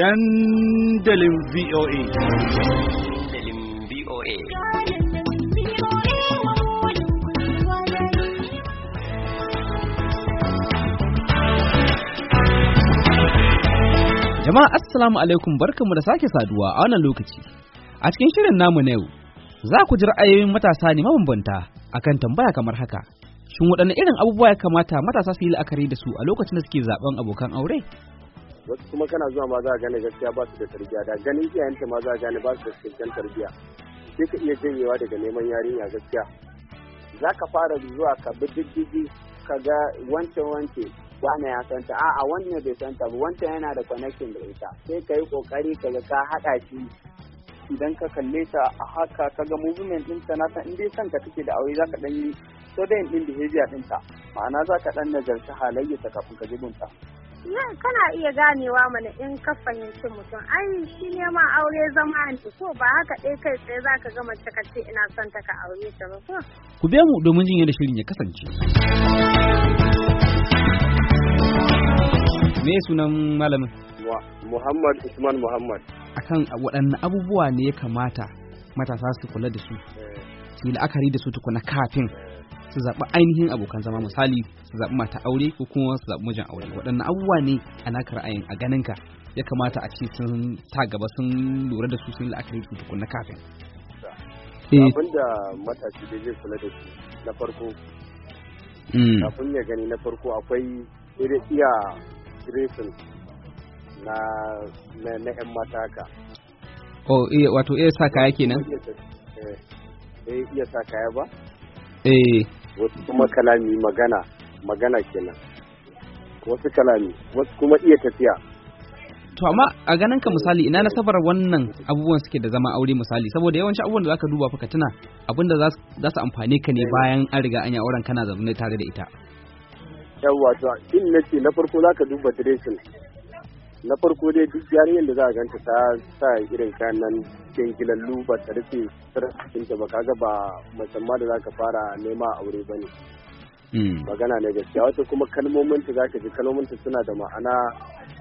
dandalin VOA. Dandalin VOA. Jama'a Assalamu alaikum barkanmu da sake saduwa a wannan lokaci. A cikin shirin namu na yau, za ku ji ra'ayoyin matasa ne mabambanta akan tambaya kamar haka. Shin waɗanne irin abubuwa ya kamata matasa su yi la'akari da su a lokacin da suke zaɓen abokan aure? wasu kuma kana zuwa ma za ka gane gaskiya ba su da tarbiyya da ganin iyayenta ma za ka gane ba su da cikakken tarbiyya sai ka iya janyewa daga neman yarinya gaskiya za ka fara zuwa ka bi diddigi ka ga wance wance wane ya santa a'a wannan bai santa ba wancan yana da connection da ita sai ka yi kokari ka ga ka haɗa shi idan ka kalle ta a haka ka ga movement ɗinta na san in dai santa kake da aure za ka ɗan yi so da yin ɗin behavior ɗinta ma'ana za ka ɗan nazarci halayyarta kafin ka jibinta kana iya ganewa mana in ka fahimci mutum ai shi ma aure zama ne ko ba haka ɗaya kai tsaye za ka gama ta ina son ta ka aure ta ba ko. Ku biya mu domin jin yadda shirin ya kasance. Me sunan malamin? Muhammad Usman Muhammad. Akan waɗanne abubuwa ne ya kamata matasa su kula da su? Eh. Su yi la'akari da su tukuna kafin eh. su zaɓi ainihin abokan zama misali su zaɓi mata aure ko kuma su zaɓi mijin aure waɗannan abubuwa ne a naka ra'ayin a ganinka ya kamata a ce sun ta gaba sun lura da su sun la'akari su na kafin. Eh. abin da matashi da zai kula da shi na farko hmm. kafin ya gani na farko akwai irin iya dressing na na yan mata ka oh wato iya sa kaya kenan eh iya sa kaya ba Eh. wasu kuma kalami magana magana kenan wasu kalami wasu kuma iya tafiya to amma a ganin ka misali ina nasabar wannan abubuwan suke da zama aure misali saboda yawanci abubuwan da zaka duba fa tuna abinda za su amfane ka ne eh. bayan an riga an yi auren kana zaune tare da ita yawa to in nace na farko zaka duba dressing na farko dai duk yarinyar da za a ganta ta sa irin kayan nan kenkilallu ba ta rufe ta ba kaga ba musamman da za ka fara nema aure ba ne hmm. magana ne gaskiya wata kuma ta za ka ji kalmomin ta suna da ma'ana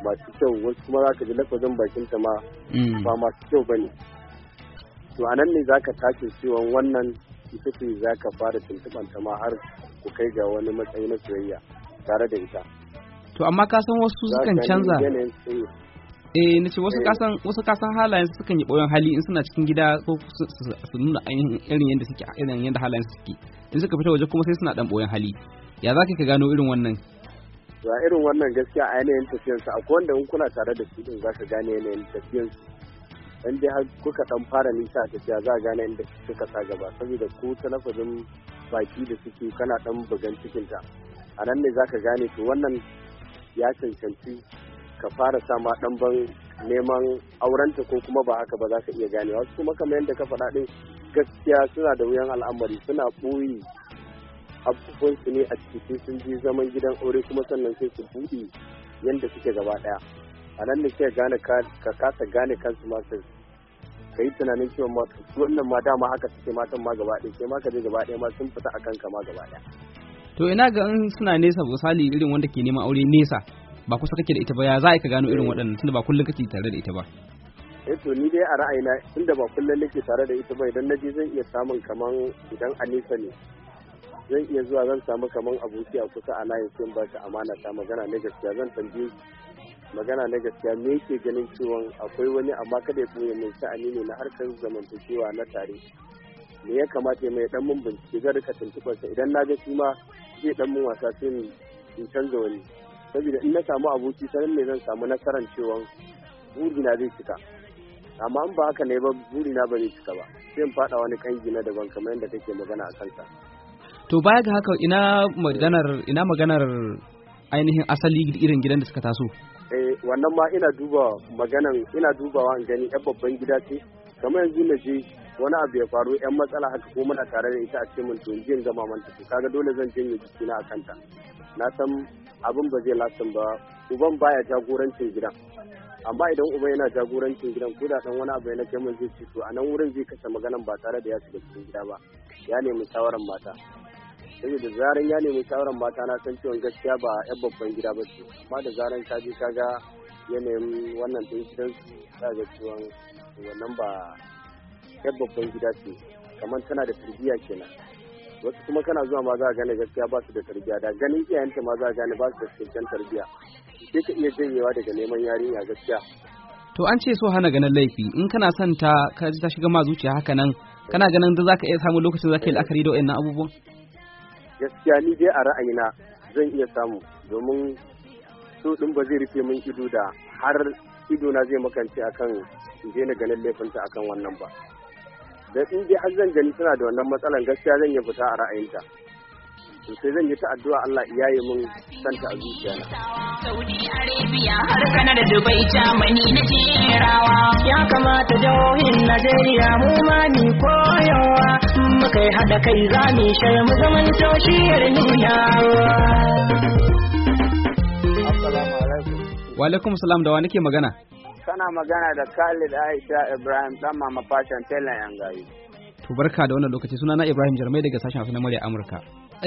masu kyau wasu kuma za ka ji lafazin ta ma hmm. ba masu kyau ba ne to a nan ne za ka tace cewa wannan ita ce za ka fara tuntuɓanta ma har ku kai ga wani matsayi na soyayya tare da ita to amma ka san wasu sukan canza eh na ce wasu eh. kasan wasu kasan halayen sukan yi boyon hali in suna cikin gida ko su nuna irin yadda suke irin yadda halayen suke in suka fita waje kuma sai suna dan boyon hali ya zaka ka gano irin wannan ya irin wannan gaskiya a yanayin tafiyan su akwai wanda in kuna tare da su din za ka gane yanayin tafiyan su in dai har kuka dan fara nisa tafiya za ka gane inda suka sa gaba saboda ku talafazin baki da suke kana dan bugan ta a nan ne za ka gane to wannan ya cancanci ka fara sama ɗanban neman aurenta ko kuma ba haka ba za ka iya ganewa wasu kuma kamar yadda ka faɗa ɗin gaskiya suna da wuyan al'amari suna ɓoyi su ne a ciki sun ji zaman gidan aure kuma sannan sai su buɗe yadda suke gaba ɗaya a nan ne sai gane ka kasa gane kansu masu ka yi tunanin cewa ma wannan ma dama haka suke matan ma gaba ɗaya sai ma ka je gaba ɗaya ma sun fita a kanka ma gaba ɗaya to ina ga in suna nesa misali irin wanda ke neman aure nesa ba kusa kake da ita ba ya za ka gano irin waɗannan tunda ba kullum kake tare da ita ba eh to ni dai a ra'ayina tunda ba kullum nake tare da ita ba idan naje zan iya samun kaman idan a nesa ne zan iya zuwa zan samu kaman aboki a kusa a layin sai ba shi amana ta magana na gaskiya zan tambaye magana na gaskiya me yake ganin cewa akwai wani amma kada ya tsoye mai sa'ani ne na harkar zamantakewa na tare me ya kamata mai dan mun bincike ga rika tuntuɓarsa idan na ga shi ma ke dan mun wasa sai in canza wani saboda in na samu abuci sanin ne zan samu nasarar cewa burina zai cika amma in ba haka ne ba na ba zai cika ba sai in faɗa wani kangi na daban kamar yadda kake magana a kansa to baya ga haka ina maganar ina maganar ainihin asali irin gidan da suka taso eh wannan ma ina duba maganan ina dubawa in gani yan babban gida ce kamar yanzu na je wani abu ya faru yan matsala haka ko muna tare da ita a cikin mun to jin gama manta to kaga dole zan janye jiki na kanta na san abin ba zai lasan ba uban baya jagorancin gidan amma idan uba yana jagorancin gidan ko da dan wani abu yana kai mun zai ci to a nan wurin zai kasa maganan ba tare da ya shiga cikin gida ba ya nemi shawaran mata da zaran ya nemi shawaran mata na san cewa gaskiya ba yan babban gida ba ce amma da zaran ka je kaga yanayin wannan din gidan su ga cewa wannan ba yan babban gida ce kamar tana da tarbiyya kenan wasu kuma kana zuwa ma za a gane gaskiya ba su da tarbiyya da ganin iyayenta ma za a gane ba su da cikakken tarbiyya sai ka iya janyewa daga neman yarinya gaskiya to an ce so hana ganin laifi in kana son ta ka ta shiga ma zuciya haka nan kana ganin da zaka iya samun lokacin zaka yi la'akari da wayannan abubuwan gaskiya ni dai a ra'ayina zan iya samu domin so din ba zai rufe min ido da har ido na zai makance akan in daina ganin laifinta akan wannan ba da in dai har zan gani suna da wannan matsalan gaskiya zan yi fita a ra'ayinta to sai zan yi ta addu'a Allah ya yi mun santa a zuciyana Saudi Arabia har kanar Dubai Germany na jerawa ya kamata jihohin Najeriya mu ma ni koyawa mu yi hada kai za mu shar mu zaman toshiyar Wa alaikum salam da wa nake magana kana magana da Khalid Aisha Ibrahim dan mama fashion telan yan gari. To barka da wannan lokaci sunana Ibrahim Jarmai daga sashen Hausa na murya Amurka.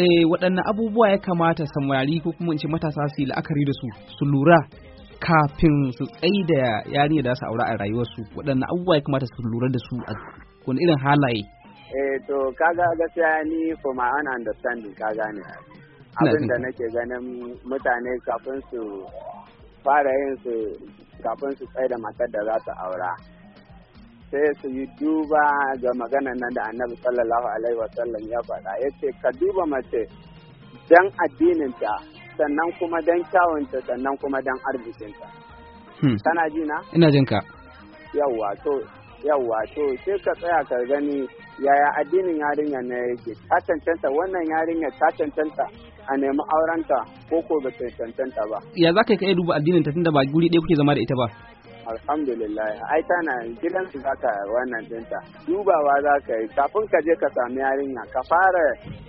Eh waɗanne abubuwa ya kamata samari ko kuma in ce matasa su yi la'akari da su su lura kafin su tsai da yarinya da su aure a rayuwarsu waɗanne abubuwa ya kamata su lura da su a wani irin halaye. Eh to kaga gaskiya ni for my own understanding kaga ne. Abin da nake ganin mutane kafin su fara yin su kafin su tsaye da matar da za su aura sai su yi duba ga maganar nan da annabi sallallahu alaihi wasallam ya faɗa ya ce ka duba mace don addininta sannan kuma don kyawunta sannan kuma don arzikinta hmm. kana ji na ina jin ka yawwa to yawwa to sai ka tsaya ka gani yaya addinin yarinya na yake ta cancanta wannan yarinya ta cancanta a nemi aurenta ko ko ba cancanta ba. Ya za ka yi duba addinin ta tunda ba guri ɗaya kuke zama da ita ba? Alhamdulillah, ai na gidan su za ka wannan dinta. Dubawa za ka yi, kafin ka je ka sami yarinya, ka fara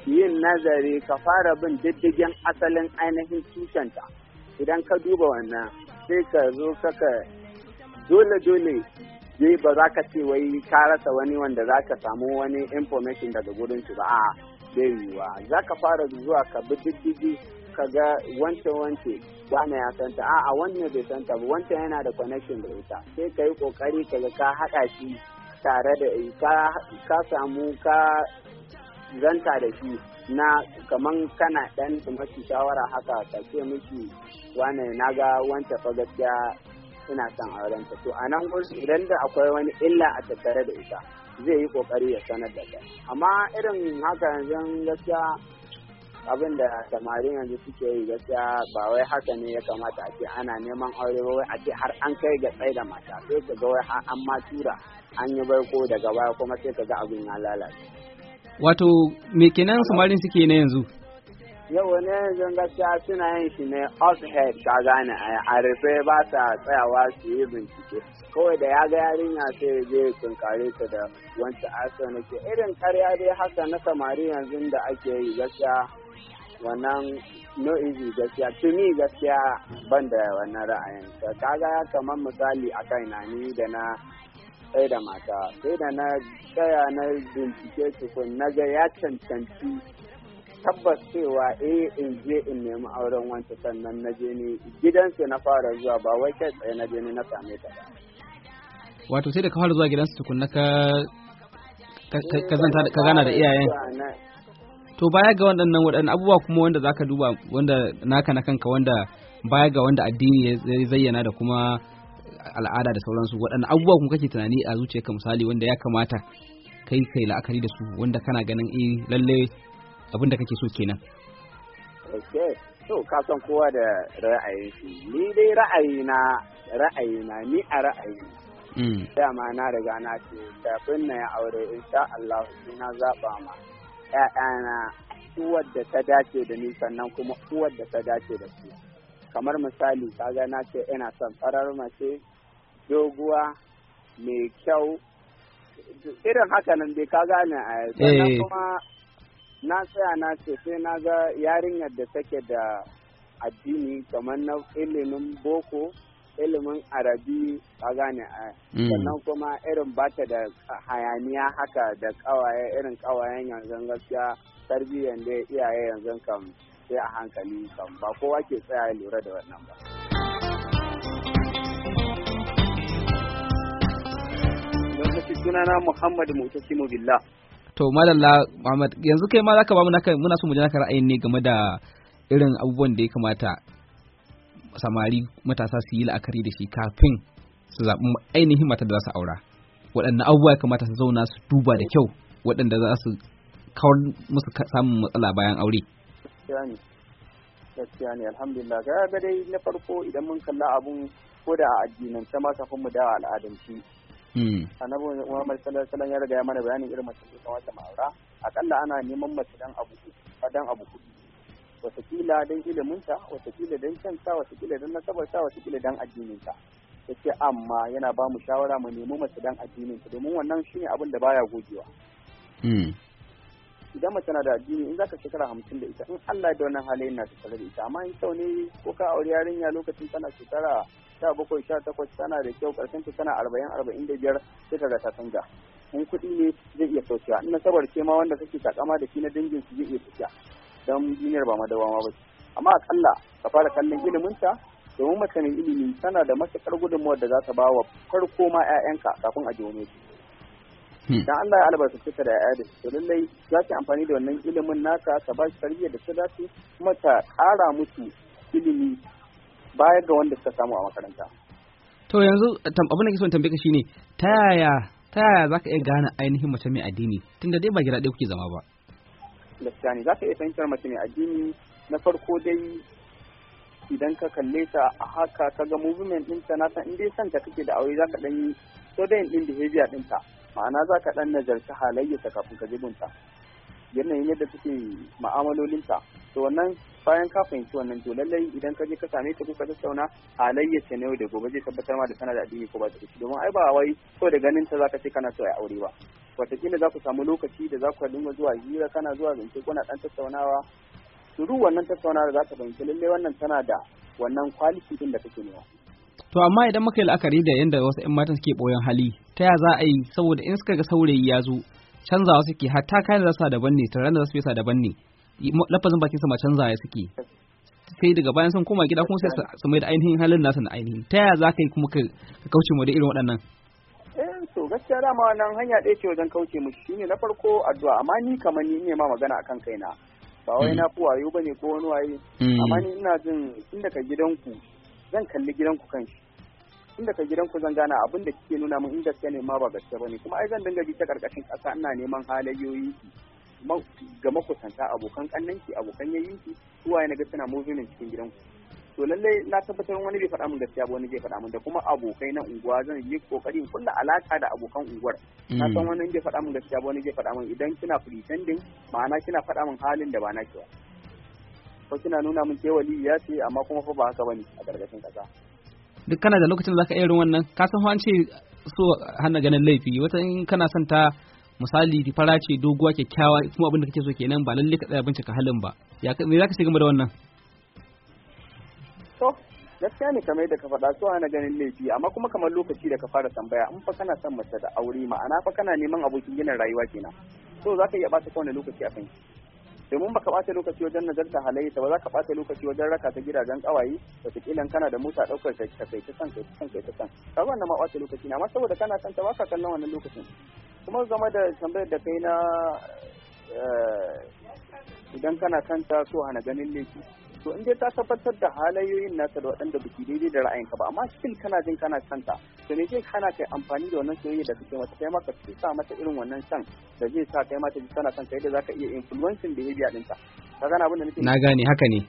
yin nazari, ka fara bin diddigin asalin ainihin tushenta. Idan ka duba wannan, sai ka zo kaka dole-dole ba za ka ce wai ka rasa wani wanda za ka samu wani information daga wurin ba bai za ka fara zuwa ka bi diddigi ka ga wance wance wane ya santa a a wannan bai santa ba wancan yana da connection da ita sai ka yi kokari ka ga ka haɗa shi tare da ka samu ka zanta da shi na kaman kana ɗan mashi shawara haka ka ce miki wane na ga wance fa gaskiya ina son auren ta to a nan idan da akwai wani illa a tattare da ita zai yi kokari ya sanar da kai amma irin haka yanzu gaskiya abin da samarin yanzu suke yi gaskiya ba wai haka ne ya kamata a ce ana neman aure ba wai a ce har an kai ga tsaye da mata sai ka ga wai har an ma tura an yi baiko daga baya kuma sai ka ga abin ya lalace wato me kenan samarin suke na yanzu yau wani yanzu gaskiya suna yin shi ne oxhead head ka gane a rufe ba sa tsayawa su yi bincike kawai da ya ga yarinya sai zai tunkare ta da wancan asa nake irin karya dai haka na samari yanzu da ake yi gaskiya wannan no easy gaskiya to me gaskiya ban da wannan ra'ayin ka ga kamar misali a kai na ni da na sai da mata sai da na tsaya na bincike tukun na ga ya cancanci tabbas cewa eh in je in nemi auren wancan sannan na je ni gidansu na fara zuwa ba wai kai tsaye na je ni na same ta ba wato sai da ka fara zuwa gidansu tukunna ka ka zanta ka gana da iyayen to baya ga waɗannan waɗannan abubuwa kuma wanda zaka duba wanda naka na kanka wanda baya ga wanda addini ya zayyana da kuma al'ada da sauransu waɗannan abubuwa kuma kake tunani a zuciyarka misali wanda ya kamata kai kai la'akari da su wanda kana ganin eh lalle abin kake so kenan so ka san kowa da ra'ayin shi ni dai ra'ayi na ra'ayi na ni a ra'ayi mm. dama na riga na ce kafin na ya aure insha Allah Allahu na zaba ma yayana uwar da ta dace da ni sannan kuma uwar da ta dace da su kamar misali kaga na ce ina son farar mace doguwa mai kyau irin haka nan dai ka gane a eh. sannan kuma na tsaya na ce sai na ga yarinyar da take da addini kamar na ilimin boko ilimin arabi a gane a mm. sannan kuma irin bata da hayaniya haka da kawaye irin kawayen yanzu gaskiya tarbiyyar da iyaye yanzu kam sai a hankali kam ba kowa ke tsaya lura da wannan ba Muhammadu sunana Muhammad Billah to malalla Muhammad yanzu kai ma zaka ba mu naka muna so mu ji naka ra'ayin ne game da irin abubuwan da ya kamata samari matasa su yi la'akari da shi kafin su zaɓi ainihin mata da za su aura waɗanne abubuwa ya kamata su zauna su duba da kyau waɗanda za su kawar musu samun matsala bayan aure gaskiya ne alhamdulillah ga dai na farko idan mun kalla abun ko da a addinance ma kafin mu da al'adanci Hmm. annabi Muhammad sallallahu alaihi wasallam ya riga mana bayanin irin mace da wata ma'aura akalla ana neman mace dan abu dan abu hudu dan iliminta watakila dan kyanta kila dan nasabarta watakila dan addininta yace amma yana ba mu shawara mu nemi mace dan addininta domin wannan shine abin da baya gogewa hmm. idan mace na da addini in zaka shekara hamsin da ita in Allah da wannan halayen na tattare da ita amma in kyau ne ko ka aure yarinya lokacin tana shekara sha bakwai sha takwas tana da kyau karshen ta tana arba'in arba'in da biyar sai ka ta canja in kuɗi ne zai iya saukiya in nasabar ke ma wanda kake takama da shi na dangin su zai iya saukiya don duniyar ba madawama ba amma akalla ka fara kallon ilimin ta domin mace mai ilimi tana da matuƙar gudunmawar da za ta ba wa farko ma 'ya'yanka kafin a ji wani Hmm. dan Allah ya albarkace fita da yaya da to lallai za ki amfani da wannan ilimin naka ka ba shi tarbiyya da ta dace kuma ta ƙara musu ilimi baya ga wanda suka samu a makaranta to yanzu abin da ke son tambaye ka shine ta yaya ta yaya za ka iya gane ainihin mace mai addini tunda dai ba gida ɗaya kuke zama ba gaskiya ne za ka iya fahimtar mace mai addini na farko dai idan ka kalle ta a haka ka ga movement ɗinta na san in dai san ta kake da aure za ka ɗan yi so dai ɗin behavior ɗinta ma'ana za ka ɗan nazarci halayyarsa kafin ka jibinta yanayin yadda suke ma'amalolinta to wannan bayan ka fahimci wannan to lallai idan ka je ka same ta kuka tattauna halayyarsa na yau da gobe zai tabbatar ma da tana da addini ko ba ta domin ai ba wai ko da ganin ta zaka ce kana so ai aure ba wataƙila za ku samu lokaci da za ku dinga zuwa hira kana zuwa zance kuna ɗan tattaunawa duk wannan tattaunawa za ta fahimci lallai wannan tana da wannan kwaliti din da kake nema to amma idan muka yi la'akari da yadda wasu 'yan matan suke ɓoyon hali ta ya za a yi saboda in suka ga saurayi ya zo canzawa suke hatta kayan da za su daban ne tare da za su fesa daban ne lafazin bakin sama ya suke sai daga bayan sun koma gida kuma sai su mai da ainihin halin nasu na ainihin ta ya za ka yi kuma ka kauce mu da irin waɗannan eh, to gaskiya dama wannan hanya ɗaya ce wajen kauce mu shine na farko addu'a amma ni kamar ni ne ma magana akan kaina ba wai mm. na fi wayo bane ko wani waye mm. amma ni ina jin tun daga gidanku zan kalli gidanku kan shi ka gidanku zan gana abin da kike nuna min in gaske ne ma ba gaske bane kuma ai zan dinga bi ta karkashin ƙasa ina neman halayoyi ga makusanta abokan kannanki abokan yayyinki suwaye na ga suna movement cikin gidanku to lallai na tabbatar wani bai faɗa min gaskiya ba wani bai faɗa min da kuma abokai na unguwa zan yi kokarin kulla alaka da abokan unguwar na san mm. wani bai faɗa min gaskiya ba wani bai faɗa min idan kina pretending ma'ana kina faɗa min halin da ba na ba ko kina nuna min ke ya ce amma kuma fa ba haka bane a gargashin kasa duk kana da lokacin da zaka iya irin wannan ka san an ce so hana ganin laifi wata in kana son ta misali fara ce doguwa kyakkyawa kuma abin da kake so kenan ba lalle ka tsaya bincika halin ba ya me zaka ce game da wannan to gaskiya ne kamar yadda ka faɗa so ana ganin laifi amma kuma kamar lokaci da ka fara tambaya in fa kana son mace da aure ma'ana fa kana neman abokin ginin rayuwa kenan so za ka iya ɓata kowane lokaci a kanki domin baka ɓata lokaci wajen nazarta halayyarta ba za ka ɓata lokaci wajen raka ta gidajen ƙawaye wataƙila kana da mota ɗaukar ta ka kai ta san kai ta san kai ta san ka wannan ma ɓata lokaci na amma saboda kana san ta baka kallon wannan lokacin kuma game da tambayar da kai na eh, idan kana kanta so hana ganin laifi to in dai ta tabbatar da halayoyin nasa da waɗanda biki daidai da ra'ayinka ba amma still kana jin kana son ta to me zai kana kai amfani da wannan soyayya da kake mata kai maka sa mata irin wannan san da zai sa kai mata ji kana son ta yadda zaka iya influencing behavior ɗinta ka gane abin da nake na gane haka ne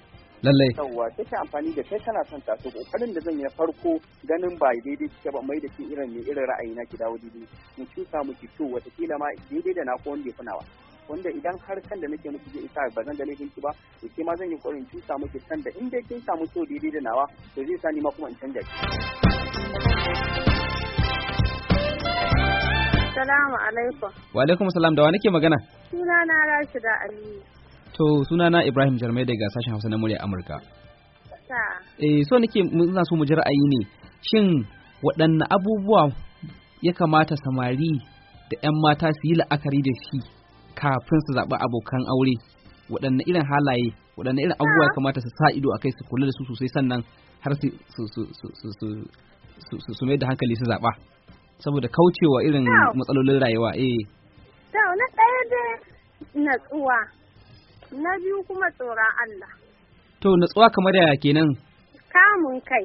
lallai yawwa sai amfani da kai kana son ta so kokarin da zan yi farko ganin ba daidai kike ba mai da ki irin ne irin ra'ayi na ki dawo daidai mu ci mu ki to wata kila ma daidai da na ko wanda ya funawa wanda idan har kan da nake miki zai isa ba zan ga laifin ki ba to ke ma zan yi kokarin cusa miki san da in dai kin samu so daidai da nawa to zai sa ni ma kuma in canja ki Assalamu alaikum. Wa alaikum salam da wa nake magana? Suna na Rashida Ali. To suna na Ibrahim Jarmai daga sashen Hausa na murya Amurka. Eh so nake ina so mu ji ra'ayi ne. Shin waɗanne abubuwa ya kamata samari da 'yan mata su yi la'akari da shi kafin su zaɓi abokan aure waɗanne irin halaye waɗanne irin abubuwa ya kamata su sa ido a kai su kula da su sosai sannan har su su mai da hankali su zaɓa saboda kaucewa irin matsalolin rayuwa eh to na ɗaya dai natsuwa na biyu kuma tsoron Allah to natsuwa kamar yaya kenan kamun kai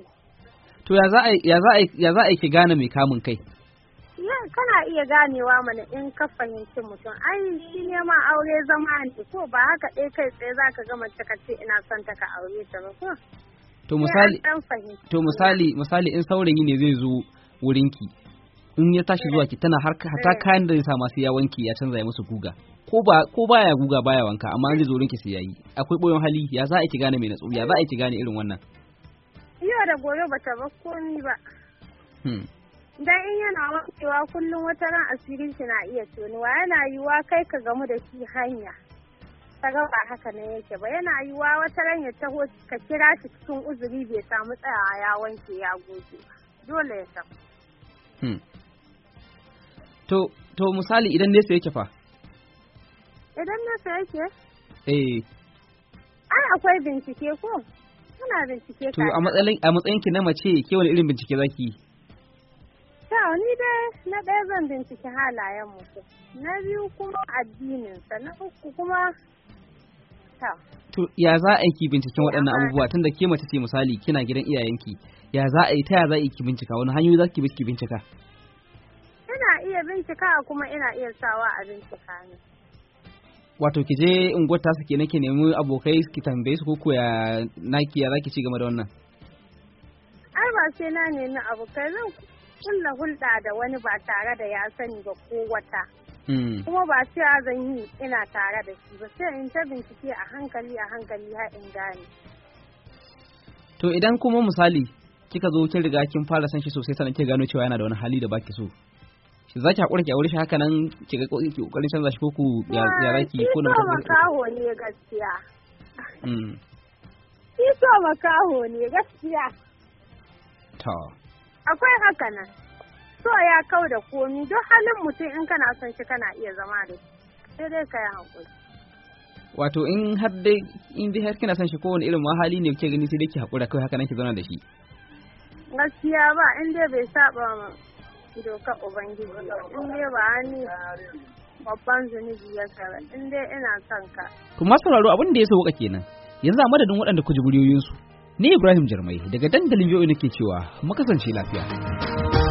to ya za a ya za a ya za a ki gane mai kamun kai kana iya ganewa mana in ka fahimci mutum ai shi ma aure zama ne ko ba haka ɗaya kai tsaye za ka gama ta ce ina son ta ka aure ta ba ko to misali to misali misali in saurayi ne zai zo wurinki in ya tashi zuwa ki tana har ta eh. kayan da zai sa masu ya wanki ya canza ya musu guga ko ba ko baya guga baya wanka amma an zai zo wurinki sai yayi akwai boyon hali ya za a ki gane mai natsu ya za a ki gane irin wannan yau da gobe bata ba ni ba hmm. dan in yana wankewa kullum wata ran asirin shi na iya tonuwa yana yiwuwa kai ka gamu da shi hanya ta ga ba haka ne yake ba yana yiwuwa wata ran ya taho ka kira shi cikin uzuri bai samu tsayawa ya wanke ya goge dole ya samu hmm. to to misali idan nesa yake fa idan nesa yake eh ai akwai bincike ko kuna bincike to a matsayin ki na mace ke wani irin bincike zaki yi Kyau ni dai na ɗaya zan binciki halayen mutum, na biyu kuma addininsa, na uku kuma To ya za a yi ki binciken waɗannan abubuwa tunda ke mace ce misali kina gidan iyayenki ya za a yi ta ya za a yi ki bincika wani hanyoyi za ki bi ki bincika? Ina iya bincika kuma ina iya sawa a bincika ne. Wato ki je unguwar tasu ke nake nemi abokai ki tambaye su koko ya naki ya za ki ci gaba da wannan? Ai ba sai na nemi abokai zan kulla hulɗa da wani ba tare da ya sani ba ko wata. Hmm. Kuma ba a zan yi ina tare da shi ba sai in ta bincike a hankali a hankali har in gane. To idan kuma misali kika zo kin riga kin fara san shi sosai sannan kika gano cewa yana da wani hali da baki so. Shi zaki hakura ki aure shi haka nan ki ga kokarin canza shi ko ku ya zaki ko na mutum. Kaho ne gaskiya. Hmm. Shi so makaho ne gaskiya. Ta. akwai haka nan so ya kau da komi don halin mutum in kana son shi kana iya zama da shi sai dai ka yi hakuri. wato in har dai in dai har kina son shi kowane irin mahali ne kike gani sai dai ki hakura kai haka nan ki zauna da shi gaskiya ba in dai bai saba doka ubangiji in dai ba ni babban zunubi ya tsara in dai ina son ka kuma sauraro abin da ya sauka kenan yanzu a madadin waɗanda ku ji su Ni Ibrahim Jarmai daga dandalin yau ke cewa mu kasance lafiya.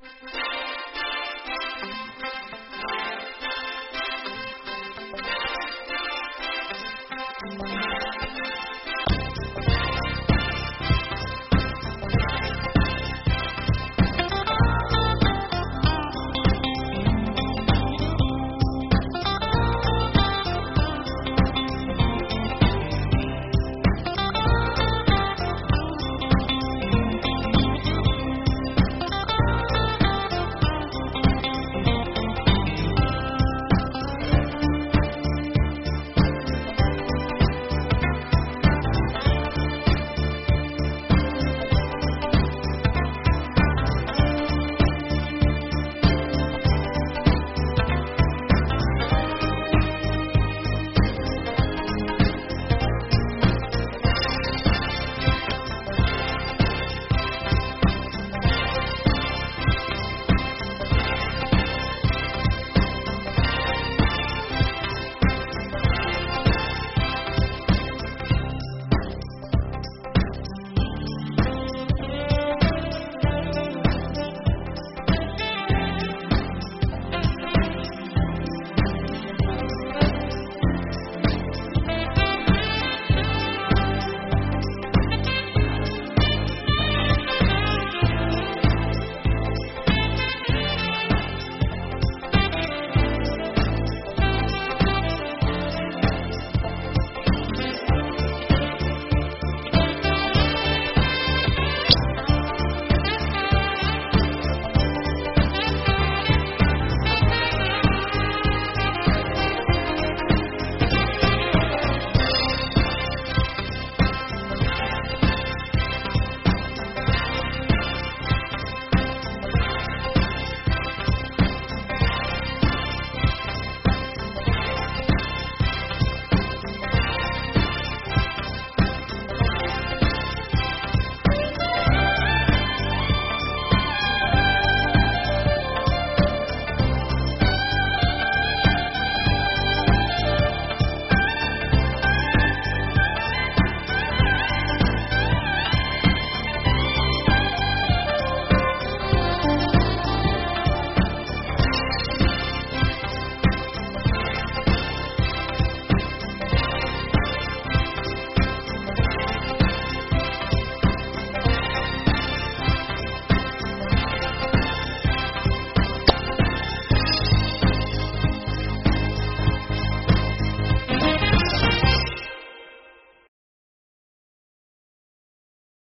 Thank you.